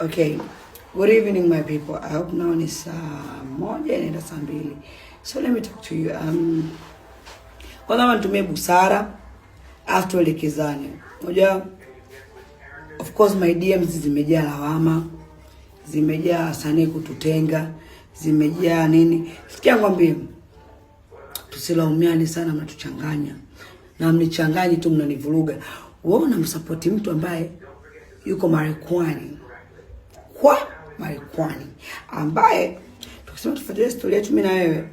Okay. Good evening my people. I hope now ni saa moja inaenda saa mbili. So let me talk to you. Um, kwanza nitumie busara afu tuelekezane. Unajua of course my DMs zimejaa lawama, zimejaa wasanii kututenga, zimejaa nini. Sikia ngwambie, tusilaumiane sana, mnatuchanganya na mnichanganyi tu, mnanivuruga. Wewe unamsupport mtu ambaye yuko Marekani kwa Marekani, ambaye tukisema tufuatilie historia yetu mimi na wewe,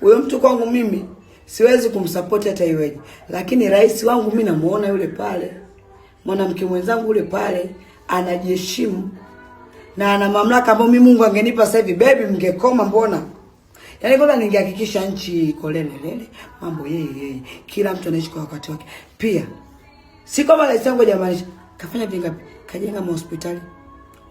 huyo mtu kwangu mimi siwezi kumsapoti hata iweje, lakini rais wangu mimi namuona yule pale, mwanamke mwenzangu yule pale anajiheshimu na ana mamlaka ambayo mimi Mungu angenipa sasa hivi, baby, mngekoma mbona? Yaani kwanza ningehakikisha nchi iko lele lele, mambo yeye yeye, kila mtu anaishi kwa wakati wake. Pia si kama rais wangu jamani, kafanya vingapi? Kajenga mahospitali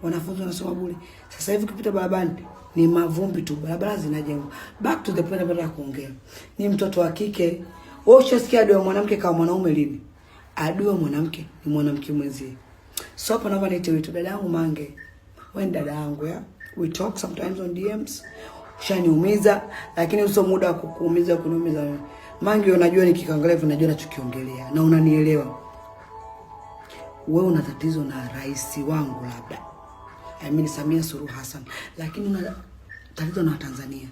wanafunzi wanasoma bure. Sasa hivi ukipita barabarani ni mavumbi tu, barabara zinajengwa. Back to the point ambayo nataka kuongea, ni mtoto wa kike. Wewe ushasikia adui wa mwanamke kama mwanaume lini? Adui wa mwanamke ni mwanamke mwenzie. So hapa naomba niite wetu dada yangu Mange, wewe ni dada yangu ya we talk sometimes on DMs. Ushaniumiza lakini uso muda wa kukuumiza kuniumiza wewe Mange, unajua nikikaangalia hivi najua nachokiongelea na unanielewa. Wewe una tatizo na rais wangu labda I mean Samia Suluhu Hassan, lakini una tatizo na Tanzania.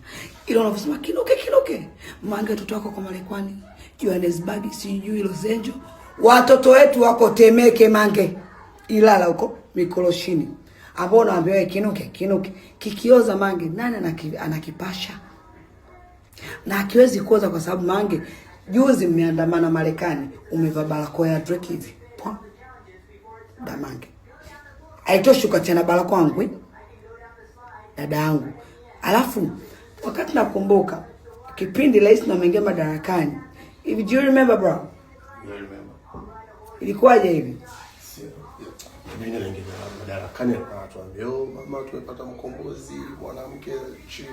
Ile wanavyosema kinuke kinuke, mange watoto wako kwa Marekani, Johannesburg, sijui Los Angeles, watoto wetu wako Temeke, Mange, Ilala huko Mikoloshini, ambao naambia wewe kinuke kinuke, kikioza Mange nani anakipasha? Na akiwezi kuoza kwa sababu Mange juzi mmeandamana Marekani, umevaa barakoa ya Drake hivi. Damange. Haitoshi ukatiana bala kwangu Dada yangu. Alafu wakati nakumbuka kipindi Rais na ameingia madarakani. If you remember bro? I remember. Ilikuwaje hivi? Mimi naingia madarakani na watu ambao oh, mama tumepata mkombozi mwanamke chini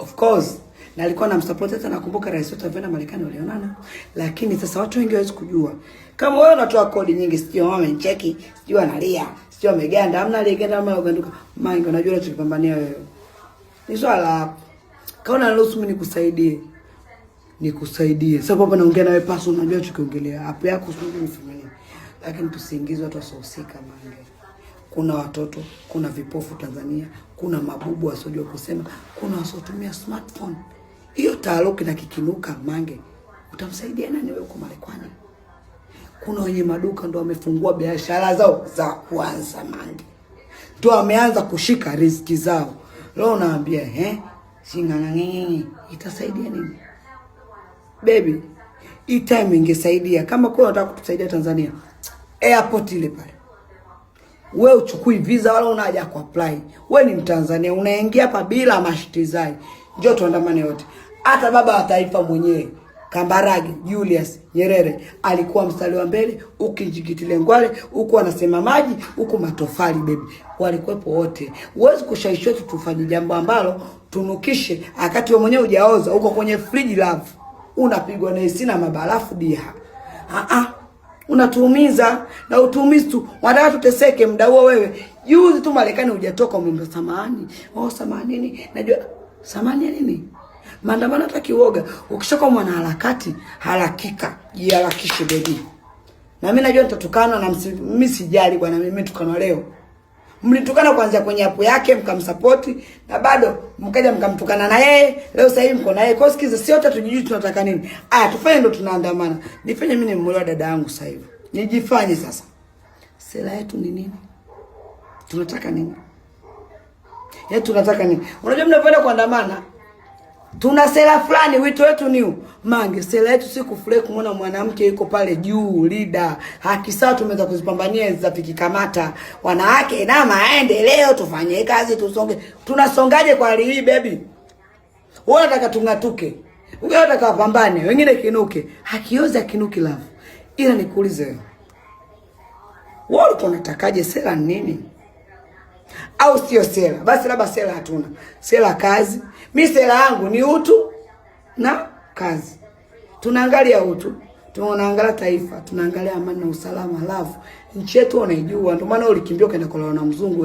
Of course na alikuwa na anamsupport hata nakumbuka rais wetu alivyoenda Marekani walionana. Lakini sasa watu wengi hawezi kujua. Kama wewe unatoa kodi nyingi sio wao wamecheki, sio analia, sio ameganda, amna aliyeganda ama ameganduka. Mangi unajua tulipambania wewe. Ni swala kama nusu mimi nikusaidie. Nikusaidie. Sasa hapa naongea na wewe personal, unajua tukiongelea. Hapo yako sio mimi Lakini tusiingize watu wasohusika Mangi kuna watoto, kuna vipofu Tanzania, kuna mabubu wasiojua kusema, kuna wasiotumia smartphone. Hiyo taaruki na kikinuka Mange, utamsaidia nani wewe uko Marekani? Kuna wenye maduka ndo wamefungua biashara zao za kwanza, Mange ndo wameanza kushika riziki zao. Leo naambia eh, singangangini itasaidia nini baby? Hii ingesaidia kama kwa unataka kutusaidia Tanzania, airport ile pale we uchukui visa wala unaja haja ku apply. We ni Mtanzania, unaingia hapa bila mashitizaji. Njoo tuandamane wote. Hata baba wa taifa mwenyewe Kambarage Julius Nyerere alikuwa mstari wa mbele, ukijigitile ngwale huku anasema maji huku matofali bebi, walikuwepo wote. Huwezi kushawishi wetu tufanye jambo ambalo tunukishe, akati wewe mwenyewe hujaoza, uko kwenye friji love, unapigwa na isina mabarafu biha. Ah, ah unatuumiza na utuumizi tu, wanataka tuteseke muda huo. Wewe juzi tu Marekani hujatoka, umeomba samahani, oh samahani nini, najua samahani ya nini? Maandamano hata kiuoga, ukishakuwa mwanaharakati harakika, jiharakishe bebi. Na mimi najua nitatukana na mimi, sijali bwana, mimi tukana leo mlitukana kwanza kwenye app yake mkamsapoti, na bado mkaja mkamtukana na yeye, leo sasa hivi mko na yeye. Kwa sikiza, si wote tujijui tunataka nini? Aya, tufanye ndo tunaandamana. Nifanye mimi nimeolewa dada yangu sasa hivi, nijifanye sasa, sera yetu ni nini? Tunataka nini? Yetu yaani tunataka nini? Unajua mnapenda kuandamana tuna sera fulani, wito wetu ni Mange. Sera yetu si kufurahi kumwona mwanamke yuko pale juu lida, haki sawa tumeweza kuzipambania za tukikamata wanawake na maendeleo, tufanye kazi tusonge. Tunasongaje kwa hali hii baby? Wewe unataka tung'atuke, wewe unataka wapambane, wengine kinuke, hakioza kinuki love. Ila nikuulize wewe, ulikuwa unatakaje? Sera nini? au sio sera? Basi labda sera hatuna, sera kazi. Mi sera yangu ni utu na kazi. Tunaangalia utu, tunaangalia taifa, tunaangalia amani na usalama, halafu nchi yetu wanaijua. Ndio maana ulikimbia ukaenda kulala na mzungu.